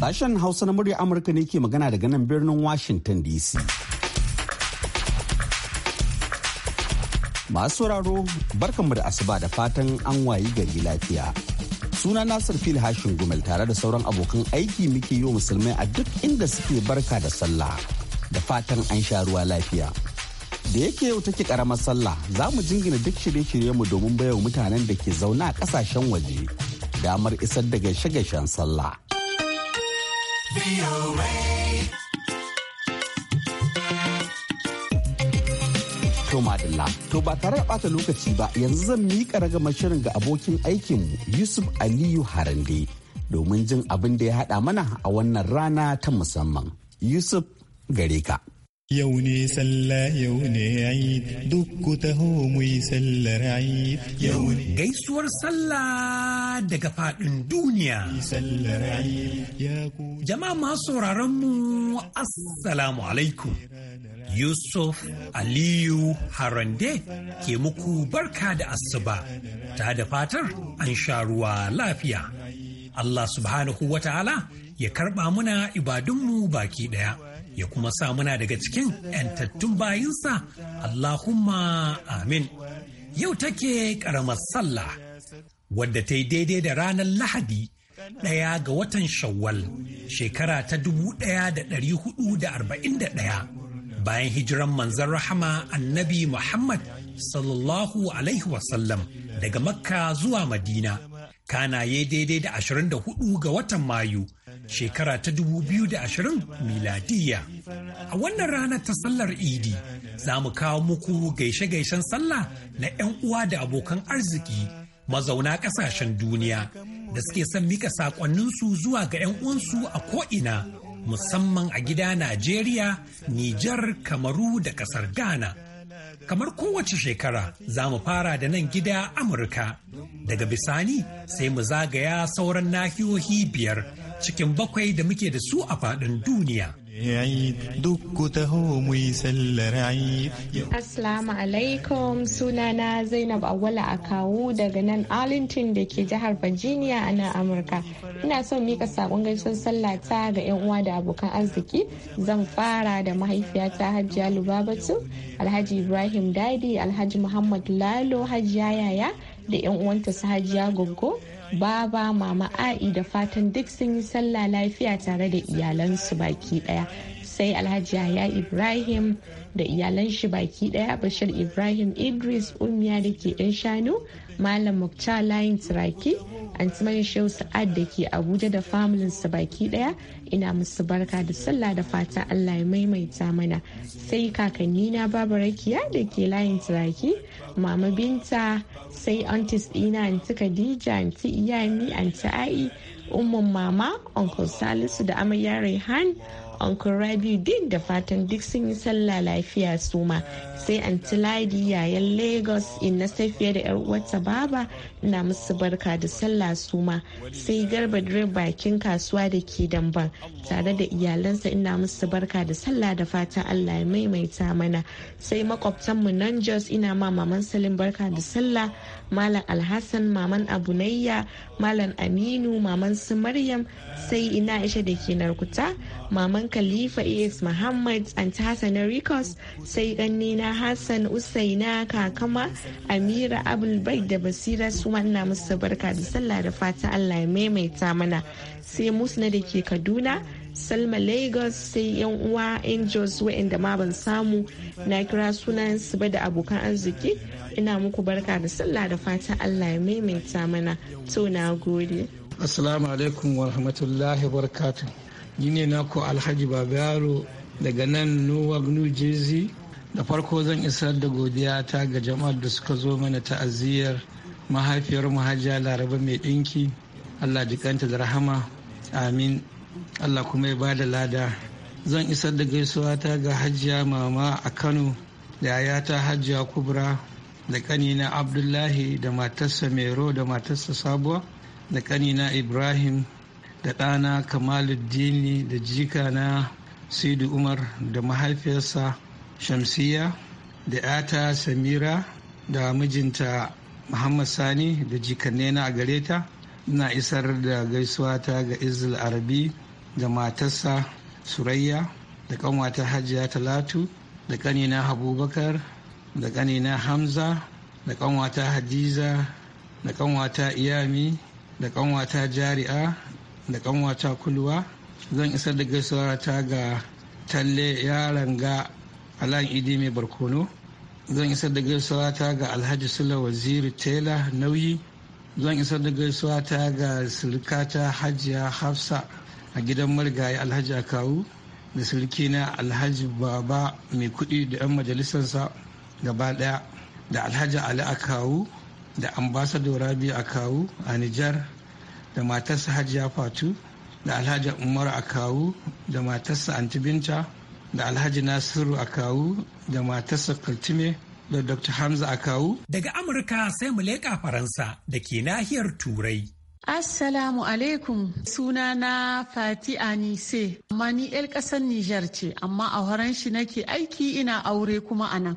Sashen Hausa na murya Amurka ne ke magana daga nan birnin Washington DC. Masu sauraro barkanmu da asuba da fatan an wayi gari lafiya. Suna Nasir Fil Hashin Gumel tare da sauran abokan aiki muke yi musulmai a duk inda suke barka da sallah da fatan an sha ruwa lafiya. Da yake yau take karamar sallah za mu jingina duk shirye mu domin baiwa mutanen da ke zaune a kasashen waje damar isar da gaishe-gaishen sallah. To Madalla, to ba tare da ɓata lokaci ba yanzu zan miƙa ragamar shirin ga abokin aikinmu Yusuf Aliyu Harande domin jin abin da ya haɗa mana a wannan rana ta musamman. Yusuf gare ka. Yau ne sallah yau ne Eid duk ku taho mu yi sallar Eid yau ne. Gaisuwar sallah daga fadin duniya. Jama'a masu sauraron mu Assalamu alaikum. Yusuf Aliyu Harande ke muku barka da asuba ta da fatar an sha ruwa lafiya. Allah subhanahu wa ta'ala ya karɓa muna ibadunmu baki ɗaya. ya kuma sa muna daga cikin 'yantattun bayinsa Allahumma amin. Yau take ƙaramar sallah wadda ta yi daidai da ranar Lahadi ɗaya ga watan Shawwal shekara ta dubu ɗaya da ɗari huɗu da arba'in da ɗaya, bayan hijiran manzan rahama annabi Muhammad sallallahu Alaihi wasallam daga Makka zuwa Madina kana daidai da 24 ga watan mayu shekara ta 2020 miladiya a wannan rana ta sallar idi za mu kawo muku gaishe-gaishen sallah na 'yan uwa da abokan arziki mazauna ƙasashen duniya da suke son mika saƙonninsu zuwa ga 'yan uwansu a ko'ina musamman a gida najeriya nijar kamaru da ƙasar ghana kamar kowace shekara za mu fara da nan gida amurka daga bisani sai mu zagaya sauran nahiyohi biyar cikin bakwai da muke da su a faɗin duniya duk ku taho Assalamu alaikum sunana Zainab Awala Akawu daga nan Arlington da ke jihar Virginia a nan Amurka. Ina son mika sakon gaisuwar sallah ta ga yan uwa da abokan arziki. Zan fara da mahaifiyata Hajiya Lubabatu, Alhaji Ibrahim Dadi, Alhaji Muhammad Lalo, Hajiya Yaya da yan uwanta su Hajiya Goggo. baba mama a'i da fatan duk sun yi sallah lafiya tare da iyalansu baki ɗaya. sai alhaji yaya ibrahim da iyalan shi baki daya bashir ibrahim idris umiya da ke dan shanu malam mukta layin turaki antiman shehu sa'ad da ke abuja da su baki daya ina musu barka da sallah da fata allah ya maimaita mana sai kakanni na babu rakiya da ke layin turaki mama binta sai antis dina anti khadija anti iyami anti ai umman mama uncle salisu da amarya rehan uncle rabiu din da fatan duk sun yi sallah lafiya su ma sai anti ladi yayan lagos inna safiya da yar uwarta baba ina musu barka da sallah su ma sai garba direba bakin kasuwa da ke damban tare da iyalansa ina musu barka da sallah da fatan allah ya maimaita mana sai makwabtanmu nan jos ina ma maman salim barka da sallah malam alhassan maman abunayya malam aminu maman su maryam sai ina isha da ke narkuta maman khalifa as muhammad anti hassan ricos sai na hassan usaina kakama amira abulbai da basira su wannan musu barka da sallah da fata allah ya maimaita mana sai musna da ke kaduna salma lagos sai yan uwa angels wainda ma ban samu na kira sunan su ba da abokan arziki ina muku barka da sallah da fatan Allah ya maimaita mana to na gode. Assalamu alaikum wa rahmatullahi wa Ni ne naku Alhaji Babaro daga nan Newark New Jersey. Da farko zan isar da godiya ta ga jama'ar da suka zo mana ta'aziyar mahaifiyar Hajiya Laraba mai ɗinki. Allah jikanta da rahama. Amin. Allah kuma ya bada lada. Zan isar da gaisuwa ta ga Hajiya Mama a Kano da yayata Hajiya Kubra da ƙanina abdullahi da matarsa mero da matarsa sabuwa da ƙanina ibrahim da ɗana kamaluddini da jika na sidi umar da mahaifiyarsa shamsiya da 'yata samira da mijinta muhammad sani da jikanne na a gare ta ina isar da gaisuwa ta ga izil arabi da matarsa surayya da ƙanwata hajiya talatu da ƙanina abubakar da ƙanina hamza da ƙanwata hadiza da ƙanwata iyami da ƙanwata jari'a da ƙanwata kulwa zan isar da gaisuwa ta ga talle yaran ga alan idi mai barkono zan isar da gaisuwa ta ga alhaji sula waziri tela nauyi zan isar da gaisuwa ta ga sulkata hajiya hafsa a gidan marigayi alhaji akawu da na alhaji baba mai kudi da 'yan majalisarsa gaba daya da alhaji ali a akawu da ambasado rabi a akawu a nijar da matarsa hajiya fatu da alhaji umar a akawu da matarsa antibinta da alhaji nasiru a akawu da matarsa kaltime da dr hamza a akawu daga amurka sai mu leƙa faransa da ke nahiyar turai Assalamu alaikum suna na Fati Anise, amma ni 'yar ƙasar Nijar ce, amma a horon shi nake aiki ina aure kuma a nan.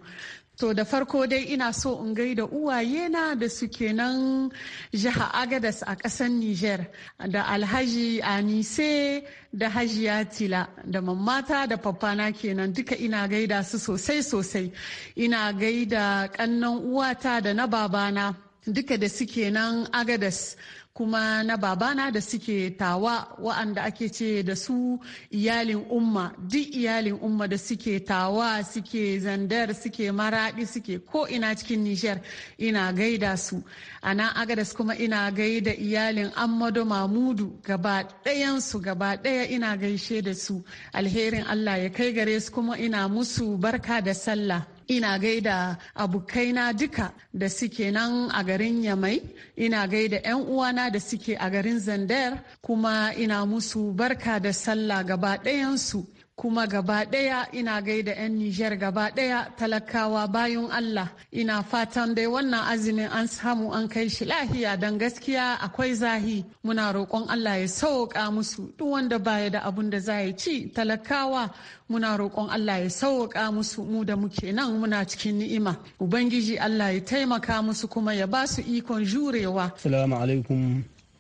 To da farko dai ina so in gaida uwayena da suke nan jiha Agadas a ƙasar Nijar da Alhaji Anise da Hajiya Tila da mamata da na kenan duka ina gaida su sosai sosai. Ina gaida ƙannan uwata da na babana duka da suke nan Agadas. kuma na babana da suke tawa wa'anda ake ce da su iyalin umma duk iyalin umma da suke tawa suke zandar suke maraɗi suke ko ina cikin nijar ina gaida su a nan agadas kuma ina gaida iyalin Amadu mamudu gaba ɗayansu gaba ɗaya ina gaishe da su alherin allah ya kai gare su kuma ina musu barka da sallah ina gaida abokaina duka da suke nan a garin yamai ina gaida 'yan uwana da suke a garin zandar kuma ina musu barka da sallah gaba ɗayansu kuma gaba ɗaya ina gaida 'yan Nijar gaba ɗaya talakawa bayan Allah ina fatan dai wannan azumin an samu an kai shi lahiya don gaskiya akwai zahi muna roƙon Allah ya sauƙa musu duk wanda baya da abun da za ya ci talakawa muna roƙon Allah ya sauƙa musu mu da muke nan muna cikin ni'ima ubangiji Allah ya taimaka musu kuma ya ba su ikon jurewa. Assalamu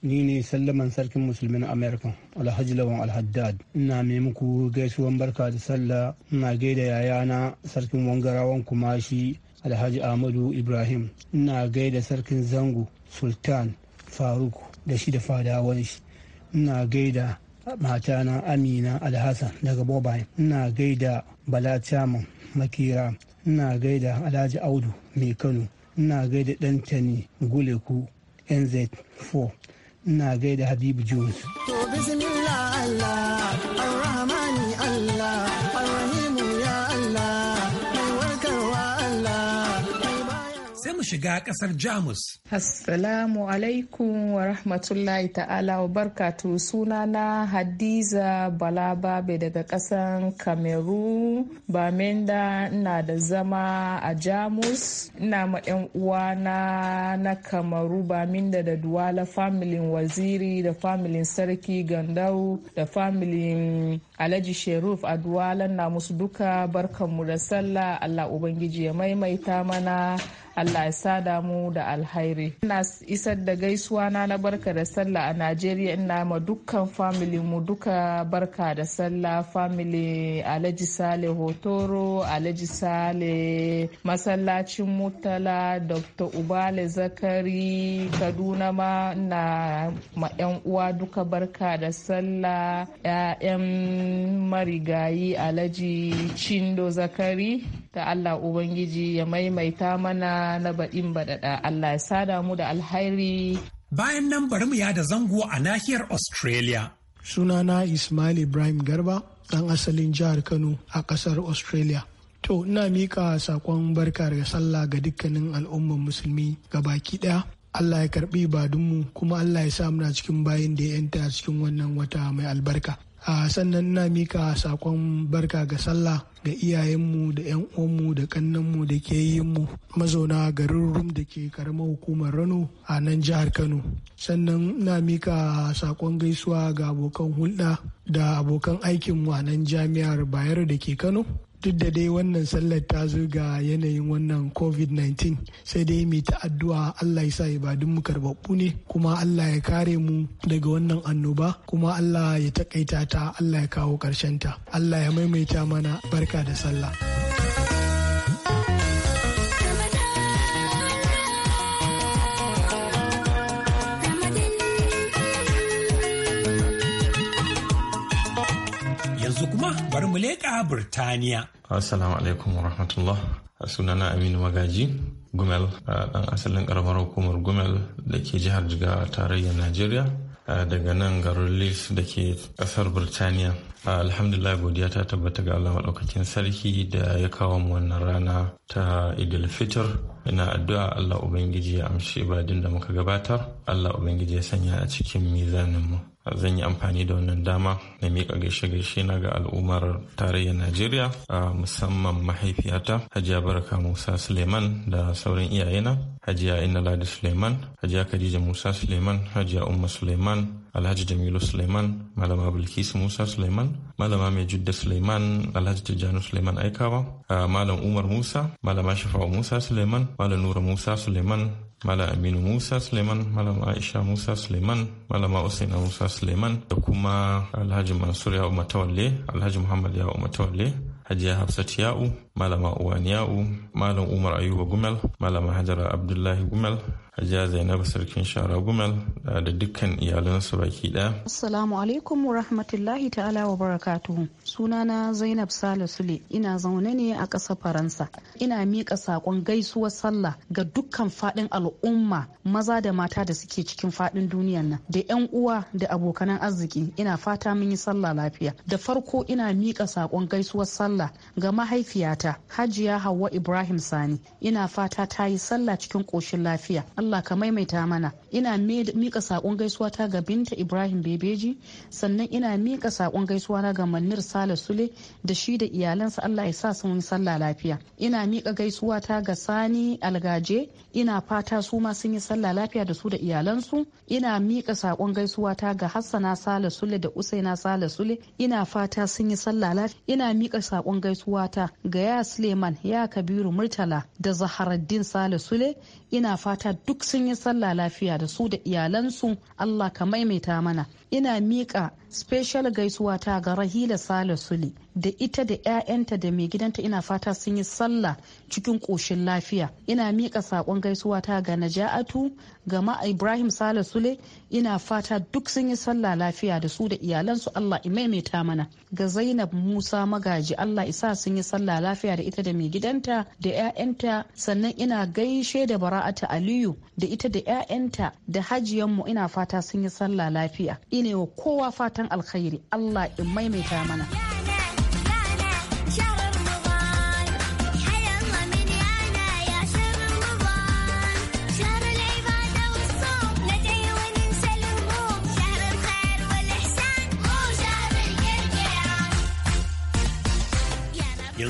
ni ne sallaman sarkin musulmin america alhaji lawan alhaddad ina mai muku gaisuwan barka da sallah ina gaida yayana sarkin wangarawan kumashi alhaji ahmadu ibrahim ina gaida sarkin zango sultan faruk da shi da fadawan shi ina gaida matana amina alhassan daga bobai ina gaida bala chaman makira ina gaida alhaji audu mai kano ina gaida dantani guleku nz 4 ina gaida habibu jones to bismillah allah shiga kasar Jamus. Assalamu alaikum wa rahmatullahi ta'ala wa barkatu sunana Hadiza Balababe daga kasar Kameru. Bamenda ina da zama a Jamus. Ina ma 'yan uwana na Kamaru Baminda da Duwala familin waziri da familin sarki Gandau da familin Alhaji Sheruf a Duwala na musu duka barkanmu da sallah Allah Ubangiji ya maimaita mana Allah ya sa mu da alhairi. Ina isar da gaisuwa na na barka da sallah a Najeriya ina ma dukkan family mu duka barka da sallah family Alhaji Sale Hotoro, Alhaji Sale masallacin Murtala, Dr. Ubale Zakari, Kaduna ma na ma yan uwa duka barka da sallah 'ya'yan marigayi Alhaji Chindo Zakari da Allah Ubangiji ya maimaita mana na baɗin baɗaɗa Allah ya sada mu da alhairi. Bayan nan bari mu yada zango a nahiyar Australia. Sunana Ismail Ibrahim Garba, ɗan asalin jihar Kano a ƙasar Australia. To, ina miƙa saƙon barka daga sallah ga dukkanin al'ummar musulmi ga baki ɗaya. Allah ya karɓi ibadunmu kuma Allah ya sa muna cikin bayan da ya 'yanta cikin wannan wata mai albarka. a sannan na mika sakon barka ga sallah ga iyayenmu da 'yan uwanmu da kannanmu da ke yinmu mazauna garin rum da ke karamar hukumar rano a nan jihar kano sannan na mika sakon gaisuwa ga abokan hulɗa da abokan aikinmu a nan jami'ar bayero da ke kano duk da dai wannan sallar ta zo ga yanayin wannan covid-19 sai dai mai ta addu'a allah ya sa ibadun mu karbabbu ne kuma allah ya kare mu daga wannan annoba kuma allah ya takaita ta allah ya kawo karshen ta allah ya maimaita mana barka da sallah kuma bari mu leƙa Burtaniya. Assalamu alaikum wa rahmatullah. Sunana Aminu Magaji, Gumel, ɗan asalin ƙaramar hukumar Gumel da ke jihar Jigawa tarayyar Najeriya. Daga nan garin Leeds da ke ƙasar Burtaniya. Alhamdulillah godiya ta tabbata ga Allah maɗaukakin sarki da ya kawo mu wannan rana ta Idil Fitr. Ina addu'a Allah Ubangiji ya amshi ibadin da muka gabatar. Allah Ubangiji ya sanya a cikin mizaninmu. zan yi amfani da wannan dama na miƙa gaishe-gaishe na ga al'ummar tarayyar najeriya musamman mahaifiyata hajiya baraka musa suleiman da sauran iyayena hajiya inna Ladi suleiman hajiya khadija musa suleiman hajiya umma suleiman alhaji jamilu suleiman malama bilkisu musa suleiman malama mai judda suleiman alhaji tijjani suleiman aikawa ah, malam umar musa malama shafawa musa suleiman malam nura musa suleiman Malam Aminu Musa Suleiman, Malam Aisha Musa Suleiman, Malama Usaina Musa Suleiman da kuma Alhaji Mansur Ya'u Matawalle, Alhaji Muhammad Ya'u Matawalle, Hajiya Hafsat Ya'u, malama uwaniya'u malam umar ayuba gumel malama hajara abdullahi gumel hajiya zainab sarkin shara gumel da dukkan iyalansu baki daya assalamu alaikum wa rahmatullahi ta'ala wa barakatuhu sunana zainab sale sule ina zaune ne a ƙasar faransa ina miƙa saƙon gaisuwar sallah ga dukkan faɗin al'umma maza da mata da suke cikin faɗin duniyan nan da yan uwa da abokanan arziki ina fata mun yi sallah lafiya da farko ina miƙa saƙon gaisuwar sallah ga mahaifiyata ta hajiya hawa ibrahim sani ina fata ta yi sallah cikin koshin lafiya allah ka maimaita mana ina mika sakon gaisuwa ta ga binta ibrahim bebeji sannan ina mika sakon gaisuwa na ga manir sale sule da shi da iyalansa allah ya sa sun yi sallah lafiya ina mika gaisuwa ta ga sani algaje ina fata su ma sun yi sallah lafiya da su da iyalansu ina mika sakon gaisuwa ta ga hassana sale sule da usaina sale sule ina fata sun yi sallah lafiya ina mika sakon gaisuwa ta ga ya Suleiman ya Kabiru Murtala da Zaharaddin Sale Sule ina fata duk sun yi sallah lafiya da su da iyalansu Allah ka maimaita mana ina miƙa special gaisuwa ta ga rahila sale sule da ita da 'ya'yanta da mai gidanta ina fata sun yi sallah cikin ƙoshin lafiya ina miƙa saƙon gaisuwa ta ga naja'atu ga ma ibrahim sale sule ina fata duk sun yi sallah lafiya da su da iyalansu allah maimaita mana ga zainab musa magaji allah isa sun yi sallah lafiya da ita da mai gidanta da 'ya'yanta sannan ina gaishe da bara'ata aliyu da ita da 'ya'yanta da hajiyanmu ina fata sun yi sallah lafiya ina wa kowa fata fatan alkhairi Allah in maimaita mana.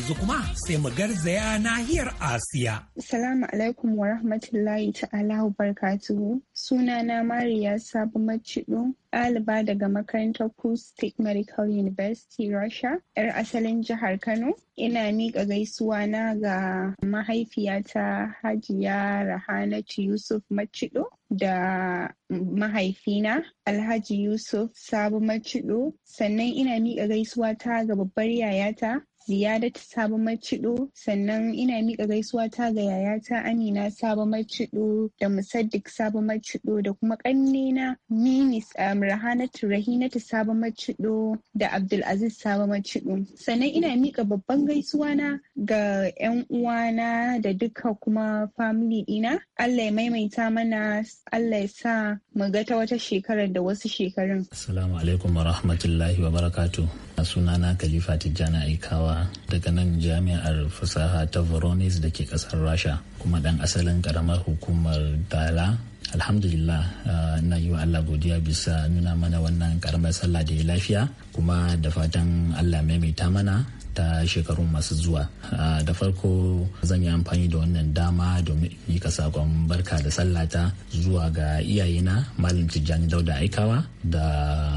yanzu kuma sai mu garzaya nahiyar Asiya. Salamu alaikum wa rahmatullahi ta'ala wa Suna Sunana Mariya Sabu Macido, ɗaliba daga makarantar Cool State Medical University, Russia, 'yar asalin jihar Kano. Ina miƙa gaisuwa na ga mahaifiyata Hajiya Rahanatu Yusuf Macido da mahaifina Alhaji Yusuf Sabu Macido. Sannan ina miƙa gaisuwa ta ga babbar yayata ta sabon Macido sannan ina miƙa gaisuwa ta ga yayata Amina sabon Macido da Musaddik sabon Macido da kuma ƙannena Minis um, Rahanatu Rahinatu sabon Macido da Abdulaziz sabon Macido. Sannan ina miƙa babban gaisuwa na ga 'yan uwana da duka kuma famili dina. Allah ya maimaita mana Allah ya sa mu ga ta wata shekarar da wasu shekarun. Assalamu alaikum wa rahmatullahi wa barakatu. Sunana Khalifa Tijjani Aikawa daga nan jami'ar fasaha ta Voronezh da ke kasar Rasha kuma dan asalin karamar hukumar Dala alhamdulillah ah, na yi wa Allah godiya bisa nuna mana wannan karamar sallah da lafiya kuma da fatan Allah maimaita mana ta shekaru masu zuwa da farko zan yi amfani da wannan dama domin yi ka sakon barka da sallata zuwa ga iyayena malam tijjani dauda aikawa da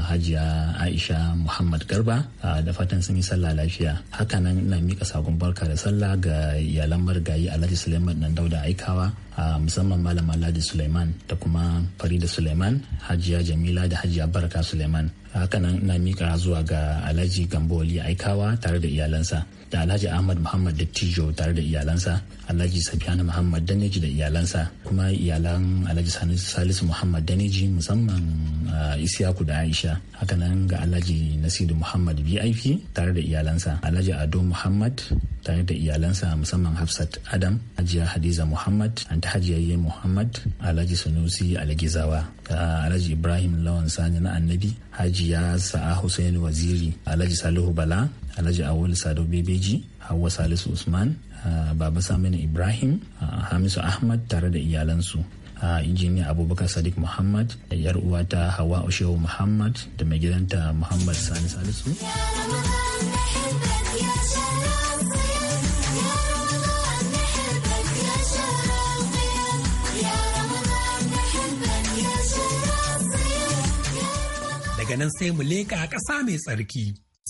hajiya aisha muhammad garba da fatan sun yi sallah lafiya hakanan ina mika sakon barka da sallah ga iyalan marigayi alhaji suleiman dan dauda aikawa musamman malam alhaji suleiman da kuma farida suleiman hajiya jamila da hajiya barka suleiman hakanan na mika zuwa ga alhaji gambo aikawa tare da iyalansa da alhaji ahmad muhammad dattijo tare da iyalansa alhaji safiyanu muhammad daneji da iyalansa kuma iyalan alhaji salisu muhammad daneji musamman uh, isiyaku da aisha Haka nan ga alhaji nasiru muhammad vip tare da iyalansa alhaji ado muhammad tare da iyalansa musamman hafsat adam hajiya hadiza muhammad ta hajiyayye muhammad alhaji sanusi algizawa alhaji ibrahim lawan sani na annabi hajiya sa'a hussein waziri alhaji salihu bala alhaji awul sado bebeji hawa salisu usman Ah, baba saminu ibrahim ah, hamisu ahmad tare da iyalansu a ah, injiniya abubakar sadiq muhammad da yar uwata hawa ushehu muhammad da mai gidanta muhammad sani salisu daga nan sai mu leƙa ƙasa mai tsarki.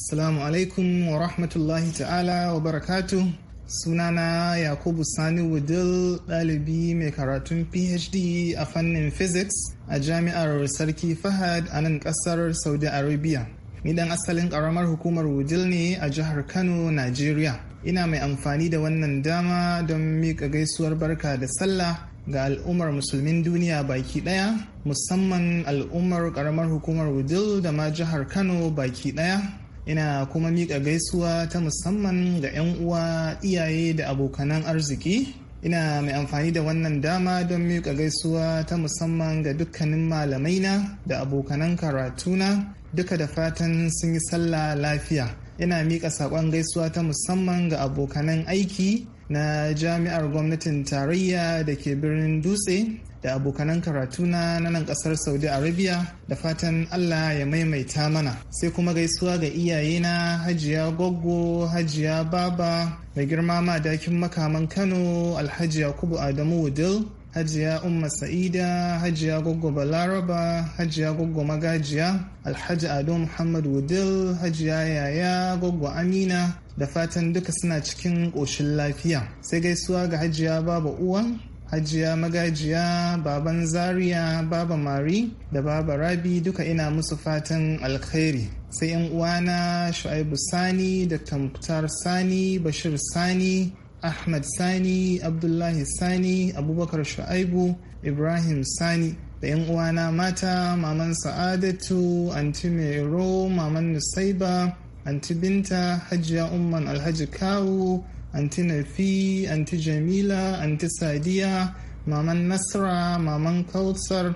Salamu alaikum wa rahmatullahi ta'ala wa barakatu. sunana yakubu sani wudil ɗalibi mai karatun phd a fannin physics a jami'ar sarki fahad a nan ƙasar saudi arabia ni dan asalin ƙaramar hukumar wudil ne a jihar kano nigeria ina mai amfani da wannan dama don miƙa gaisuwar barka da sallah ga al'ummar musulmin duniya baki ɗaya musamman al'ummar ƙaramar hukumar wudil da ma jihar kano baki ɗaya ina kuma miƙa gaisuwa ta musamman ga 'yan uwa iyaye da abokanan arziki ina mai amfani da wannan dama don miƙa gaisuwa ta musamman ga dukkanin malamaina da abokanan karatuna duka da fatan sun yi sallah lafiya ina miƙa saƙon gaisuwa ta musamman ga abokanan aiki na jami'ar gwamnatin tarayya da ke birnin dutse da abokanan karatuna na nan kasar saudi arabia da fatan allah ya maimaita mana sai kuma gaisuwa ga iyayena hajiya goggo hajiya baba mai girma dakin makaman kano alhaji yakubu adamu wudil hajiya umma sa'ida hajiya goggo balaraba hajiya goggo magajiya alhaji ado muhammad wudil hajiya yaya goggo amina da fatan duka suna cikin ƙoshin lafiya sai gaisuwa ga hajiya baba uwan hajiya magajiya baban zaria baba mari da baba rabi duka ina musu fatan alkhairi sai yan uwana shu'aibu sani da tamtar sani bashir sani ahmad sani abdullahi sani abubakar shu'aibu ibrahim sani da yan uwana mata maman sa'adatu anti mero maman nusaiba anti binta hajiya umman alhaji kawu anti nafi anti jamila anti sadiya maman nasra maman Kausar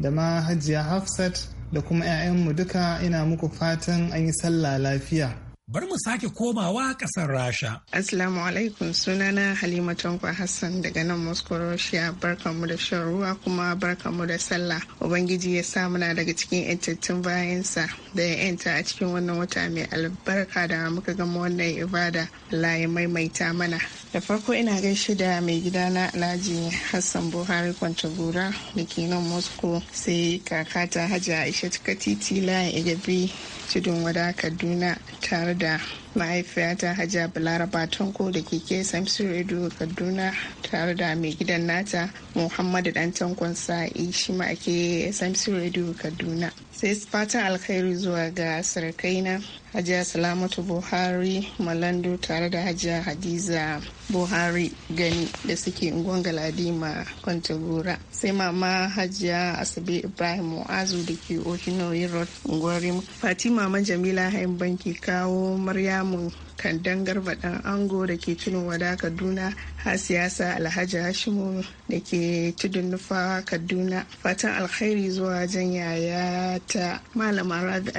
da ma hajiya hafsat da kuma 'ya'yanmu duka ina muku fatan an yi sallah lafiya Bar mu sake komawa ƙasar Rasha. Assalamu alaikum sunana Halima Tanko Hassan daga nan Moscow Russia barkanmu da shan ruwa kuma barkanmu da sallah. Ubangiji ya sa muna daga cikin yantattun bayansa da ya yanta a cikin wannan wata mai albarka da muka gama wannan ibada Allah ya maimaita mana. Da farko ina gaishe da mai gidana Alhaji Hassan Buhari Kwantagura da ke nan Moscow sai kakata Hajja Aisha tukatiti Layin Igabi tudun wada kaduna tare da mahaifiyata hajiya balaraba tanko da keke samson edo kaduna tare da mai gidan nata muhammadu dan tankon sa'i eh, shi ma ake samson edo kaduna sai fatan alkhairi zuwa ga sarkaina hajiya salamatu buhari malando tare da hajiya hadiza buhari gani da suke unguwan galadima kwantagora sai mama hajiya asabe ibrahim mu'azu da ke ohino road unguwar fatima mama jamila hain banki kawo maryamu kan Garba dan ango da ke tunin wada kaduna har siyasa alhaji hashimu da ke tudun nufawa kaduna fatan alkhairi zuwa jan yaya ta malama rabi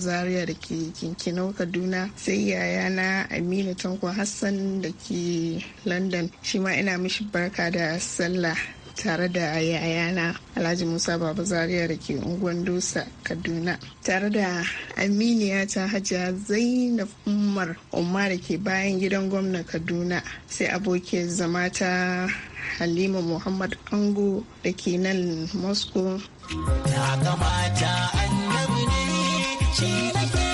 zaria da ke kinkinau kaduna sai yaya na aminu tanko hassan da ke london shi ma ina mishi barka da sallah tare da yayana Alhaji Musa Baba Zaria da ke unguwan Dosa Kaduna tare da Aminiya ta Hajiya Zainab Umar umar da ke bayan gidan gwamna Kaduna sai abokiyar zama ta Halima Muhammad Ango da ke nan Moscow. Ya kamata annabi ne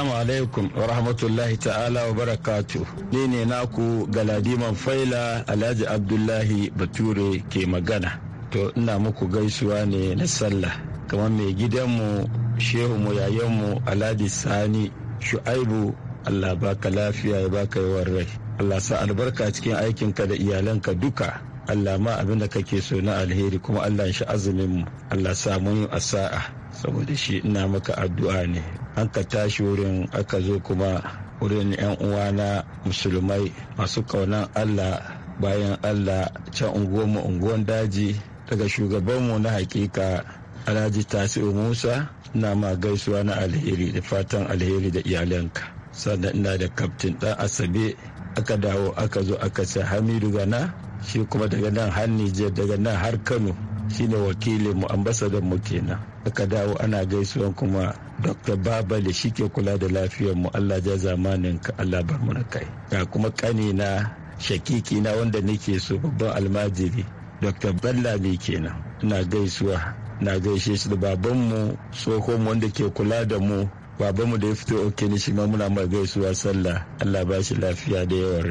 Assalamu alaikum wa rahmatullahi ta'ala wa barakatu. Ni ne naku Galadiman Faila Alhaji Abdullahi Bature ke magana. To ina muku gaisuwa ne na sallah. Kamar mai gidanmu shehu mu yayanmu Alhaji Sani Shu'aibu Allah baka lafiya ya baka yawan rai. Allah sa albarka cikin aikinka da iyalanka duka. Allah ma abin da kake so na alheri kuma Allah shi azumin mu Allah sa mun yi asa'a saboda shi ina maka addu'a ne an ka tashi wurin aka zo kuma wurin yan uwana musulmai masu kaunan Allah bayan Allah can mu unguwan daji daga shugaban mu na hakika Alhaji Tasi'u Musa ina ma gaisuwa na alheri da fatan alheri da iyalanka. sannan ina da kaftin dan asabe aka dawo aka zo aka ce hamidu gana shi kuma daga nan har Nijar daga nan har Kano shine wakilin mu ambasadan mu kenan aka dawo ana gaisuwa kuma dr babale shi ke kula da lafiyar mu allah ja zamanin ka allah bar mu kai ga kuma kani na shakiki na wanda nake so babban almajiri dr ne kenan ina gaisuwa na gaishe shi da babanmu tsohon wanda ke kula da mu babanmu da ya fito oke ni shi ma muna mai gaisuwa sallah allah ba shi lafiya da yawan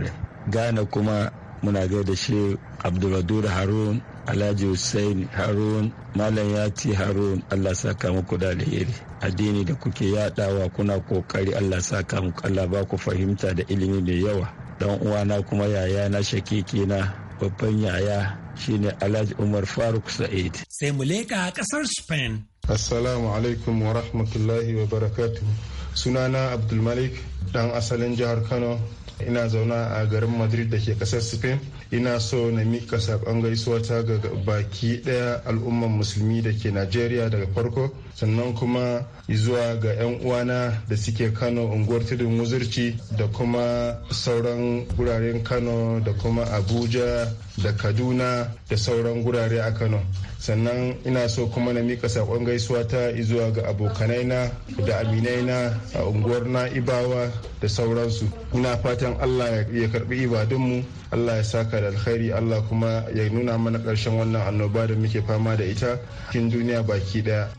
rai kuma muna gaida shi abdulwadur harun alhaji hussein harun malam yati harun allah saka muku da alheri addini da kuke yadawa kuna kokari allah saka muku allah ba ku fahimta da ilimi mai yawa dan uwana kuma yaya na shakiki na babban yaya shine alhaji umar faruk sa'id sai mu leka a kasar spain assalamu alaikum wa rahmatullahi wa barakatuh sunana abdulmalik dan asalin jihar kano ina zauna a garin madrid da ke kasar spain ina so na mika saƙon gaisuwa ta ga baki ɗaya al'umman musulmi da ke nigeria daga farko sannan kuma zuwa ga 'yan uwana da suke kano unguwar tudun muzurci da kuma sauran guraren kano da kuma abuja da kaduna da sauran gurare a kano sannan ina so kuma na mika sakon gaisuwa ta zuwa ga abokanaina da aminaina a unguwar na'ibawa da sauransu ina fatan allah ya karbi ibadunmu allah ya saka da alkhairi allah kuma ya nuna mana karshen wannan annoba da muke fama da ita cikin duniya baki daya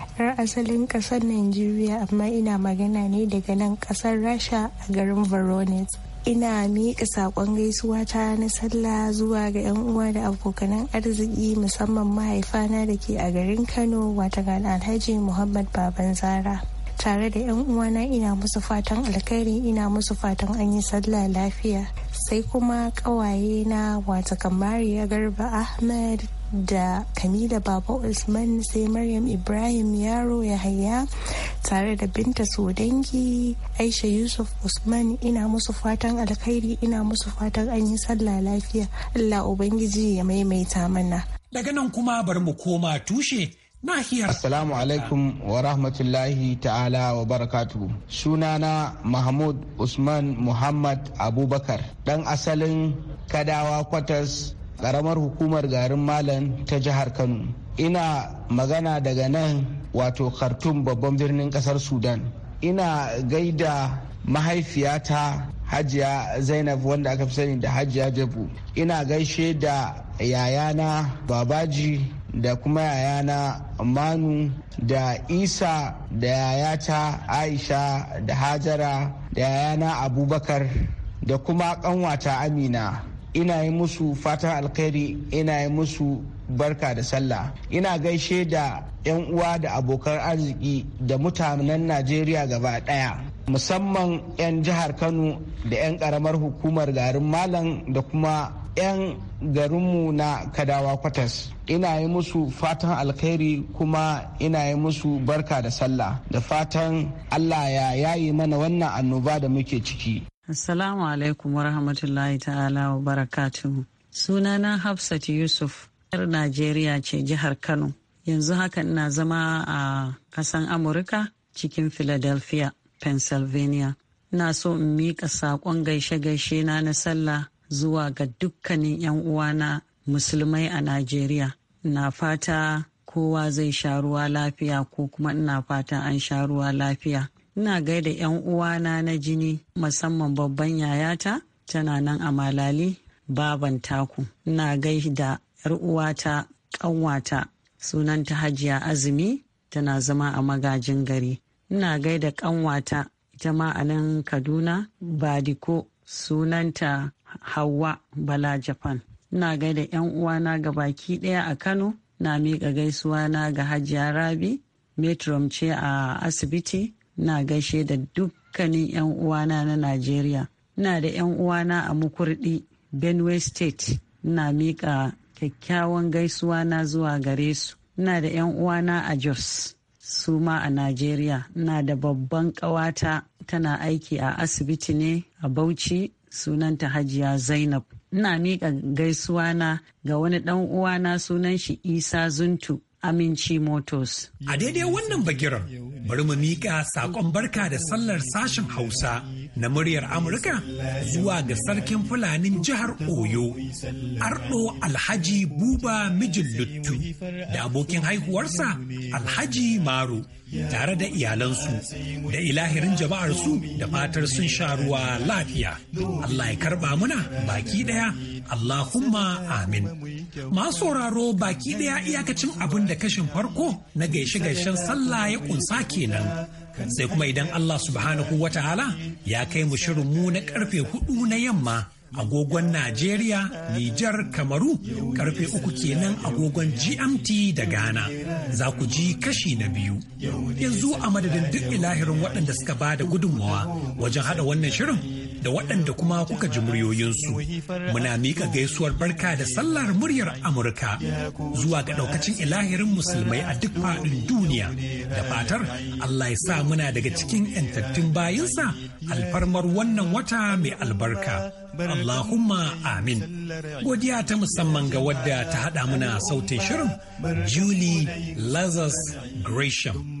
tamkar asalin kasar Najeriya amma ina magana ne daga nan ƙasar Rasha a garin Voronezh. ina miƙa saƙon gaisuwa ta na sallah zuwa ga 'yan uwa da abokanan arziki musamman mahaifana da ke a garin kano wata ga alhaji muhammad baban zara tare da 'yan uwana ina musu fatan alkhairi ina musu fatan an yi sallah lafiya sai kuma ƙawaye na wata ya garba ahmed da Kamila Baba Usman sai Maryam Ibrahim Yaro ya haya tare da Binta Sodangi Aisha Yusuf Usman ina musu fatan alkhairi ina musu fatan an yi sallah lafiya Allah Ubangiji ya maimaita mana. Daga nan kuma bar mu koma tushe nahiyar. Assalamu alaikum wa rahmatullahi ta'ala wa barakatu Sunana Mahmud Usman Muhammad Abubakar, Dan asalin Kadawa Kwatas karamar hukumar garin malam ta jihar kano ina magana daga nan wato khartoum babban birnin kasar sudan ina gaida mahaifiyata hajiya zainab wanda aka fi sani da hajiya jabu ina gaishe da yayana babaji da kuma yayana manu da isa da yayata aisha da hajara da yayana abubakar da kuma kanwata amina ina yi musu fatan alkhairi ina yi musu barka da sallah ina gaishe da 'yan uwa da abokan arziki da mutanen najeriya gaba daya musamman 'yan jihar kano da 'yan karamar hukumar garin malam da kuma 'yan garinmu na kadawa kwatas ina yi musu fatan alkhairi kuma ina yi musu barka da sallah da fatan allah ya yayi mana wannan annoba da muke ciki Assalamu alaikum wa rahmatullahi ta'ala wa barakatuhu. Sunana Hafsat Yusuf, yar Najeriya ce jihar Kano. Yanzu haka ina zama a kasan Amurka cikin Philadelphia, Pennsylvania. Ina so in miƙa saƙon gaishe-gaishe na na sallah zuwa ga dukkanin 'yan uwana musulmai a Najeriya. Na fata kowa zai sha ruwa lafiya ko kuma ina fata an sha ruwa lafiya. ina gaida 'yan uwana na jini musamman babban yayata tana nan a malali baban taku ina gaida 'yar uwata ƙanwata sunanta hajiya azumi tana zama a magajin gari ina gaida ƙanwata ita ma a nan kaduna badiko sunanta hawa bala japan ina gaida 'yan uwana ga baki ɗaya a kano na miƙa gaisuwa na ga hajiya rabi metrom ce a asibiti na gaishe da dukkanin 'yan uwana na Najeriya. Ina da 'yan uwana a mukurdi Benue State, na miƙa kyakkyawan gaisuwa na zuwa gare su. Ina da 'yan uwana a Jos, suma a Najeriya. Ina da babban ƙawata tana aiki a asibiti ne a Bauchi, sunanta Hajiya Zainab. Ina miƙa gaisuwa na ga wani ɗan uwana sunan shi Isa Zuntu. Aminci Motors. A daidai wannan bagiran bari mu miƙa saƙon barka da sallar sashen Hausa na muryar Amurka zuwa ga sarkin Fulanin jihar Oyo, arɗo Alhaji Buba Mijin Luttu da abokin haihuwarsa Alhaji Maru. tare da iyalansu da ilahirin jama'arsu da fatar sun sha ruwa lafiya. Allah ya karba muna baki daya Allahumma amin. Masu sauraro baki daya iyakacin abin da kashin farko na gaishe-gaishen sallah ya kunsa kenan. Sai kuma idan Allah subhanahu wa ta'ala ya kai mu shirin mu na karfe hudu na yamma. agogon Najeriya, Nijar, Kamaru, karfe uku kenan agogon GMT da Ghana. Za ku ji kashi na biyu. Yanzu a madadin duk ilahirin waɗanda suka ba da gudunmawa wajen haɗa wannan shirin da waɗanda kuma kuka ji muryoyinsu. Muna miƙa gaisuwar barka da sallar muryar Amurka zuwa ga ɗaukacin ilahirin musulmai a duk faɗin duniya. Da fatar Allah ya sa muna daga cikin 'yantattun bayinsa alfarmar wannan wata mai albarka. Allahumma amin. Godiya ta musamman ga wadda ta haɗa muna sautin shirin Julie Lazarus Gresham.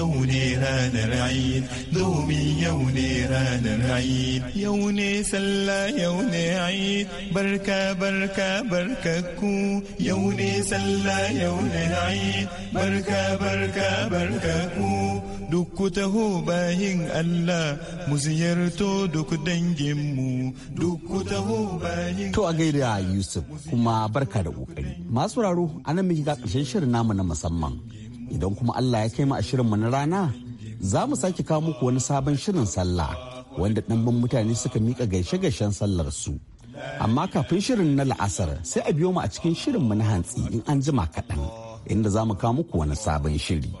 yau ne ranar Eid domin yau ne ranar Eid yau ne sallah yau ne Eid barka barka barka ku yau ne sallah yau ne Eid barka barka barka ku duk ku taho bayin Allah mu ziyarto duk danginmu duk ku taho bayin To a gaida Yusuf kuma barka da kokari. Masu raro anan muke ga ƙarshen shirin namu na musamman. Idan kuma Allah ya kai mu a shirinmu na rana, za mu sake kawo muku wani sabon shirin sallah wanda ɗanban mutane suka miƙa gaishe-gaishen sallar su. Amma kafin shirin na la'asar sai a biyo mu a cikin shirin mu na hantsi in an jima kaɗan inda za mu kawo muku wani sabon shiri.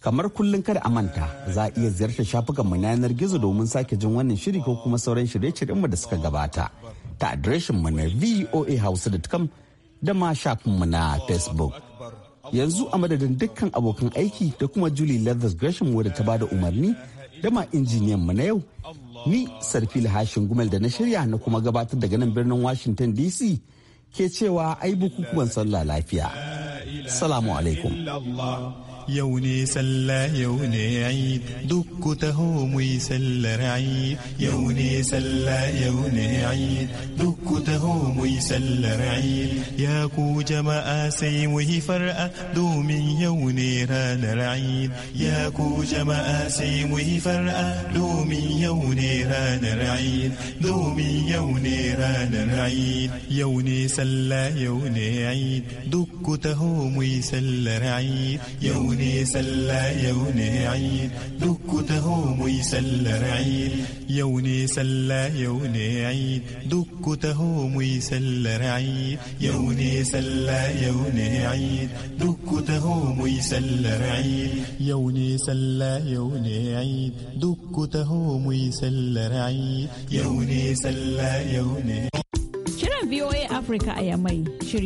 Kamar kullum kada a manta za a iya ziyartar mu na yanar gizo domin sake jin wannan shiri ko kuma sauran shirye shiryen mu da suka gabata ta mu na voa voahausa.com da ma shafin mu na Facebook. Yanzu a madadin dukkan abokan aiki da kuma Julie Leathers Gresham wadda ta bada umarni da ma injiniyan mu na yau. Ni sarfi Hashin Gumel da na shirya na kuma gabatar daga nan birnin Washington DC ke cewa ai bukukuwan sallah lafiya. Salamu alaikum. يوني سلا يوني عيد دك تهو موي سلا رعيد يوني سلا يوني عيد دك تهو موي سلا رعيد يا كو ما اسي موي فرأ دو من يوني ران رعيد يا كو ما اسي موي فرأ دو من يوني ران رعيد دو من يوني ران العيد يوني سلا يوني عيد دك تهو موي سلا رعيد يوني ne sallah yau ne ayin duk taho mu yi sallar ayin yau ne sallah yau ne ayin duk ku taho mu sallar ayin yau ne sallah yau ne ayin duk taho mu sallar ayin yau ne sallah yau ne ayin duk taho mu sallar ayin yau ne sallah yau ne Kiran VOA Africa a Yamai.